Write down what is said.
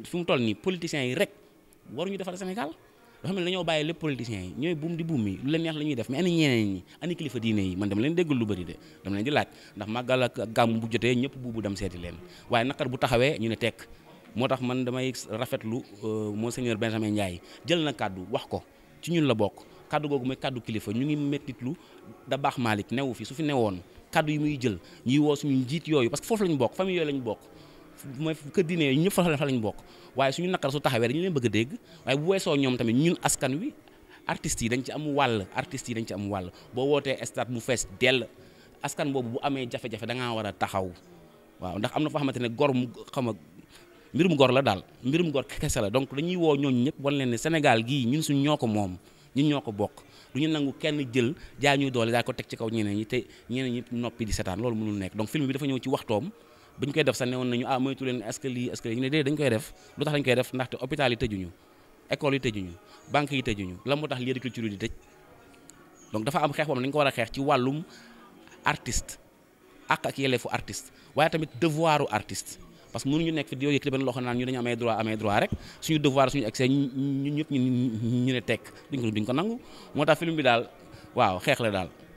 fi mu toll nii politiciens yi rek waruñu defal Sénégal loo xam ne dañoo bàyyi lépp politiciens yi ñooy buum di buum yi lu leen neex la ñuy def mais ani ñeneen ñi ani kilifa diine yi man dama leen déggal lu bëri de dama leen di laaj ndax màggal ak gàmm bu jotee ñëpp buubu dem seeti leen waaye naqar bu taxawee ñu ne tekk moo tax man damay rafetlu euh, monseigneur Benjamin Ndiaye jël na kàddu wax ko ci ñun la bokk kàddu googu mooy kàddu kilifa ñu ngi mettitlu da baax Malick newu fi su fi newoon kàddu yi muy jël ñuy woo suñu njiit yooyu parce que foofu lañ bokk famille yooyu lañ bokk mooy kër diine yooyu ñëpp fa fa lañ bokk waaye suñu naqar su taxawee dañu leen bëgg a dégg waaye bu weesoo ñoom tamit ñun askan wi artistes yi dañ ci am wàll artistes yi dañ ci am wàll boo wootee stade mu fees dell askan boobu bu amee jafe-jafe da ngaa war a taxaw waaw ndax am na foo xamante ne gor mu xam a mbirum gor la daal mbirum gor sa la donc dañuy woo ñooñu ñëpp wan leen ne Sénégal gii ñun suñ ñoo ko moom ñun ñoo ko bokk du ñu nangu kenn jël jaay ñuy doole daa ko teg ci ñi te ñeneen ñi noppi di loolu mënul nekk donc film ñëw ci waxtoom bi ñu koy def sa newoon nañu ah moytu leen est-ce que lii est-ce ne déedéet dañ koy def lu tax dañ koy def ndaxte hôpital yi tëjuñu école yi tëjuñu banque yi tëjuñu lan moo tax lieu de culture yi di tëj donc dafa am xeex dañ ko a xeex ci wàllum artiste ak ak yelleefu artiste waaye tamit devoiru artiste parce que mënuñu nekk fi di yëkkati benn loxo naan ñu dañu amee droit amee droit rek suñu devoir suñu excès ñu ñëpp ñu ñu ne tekk duñ duñ ko nangu moo tax film bi daal waaw xeex la daal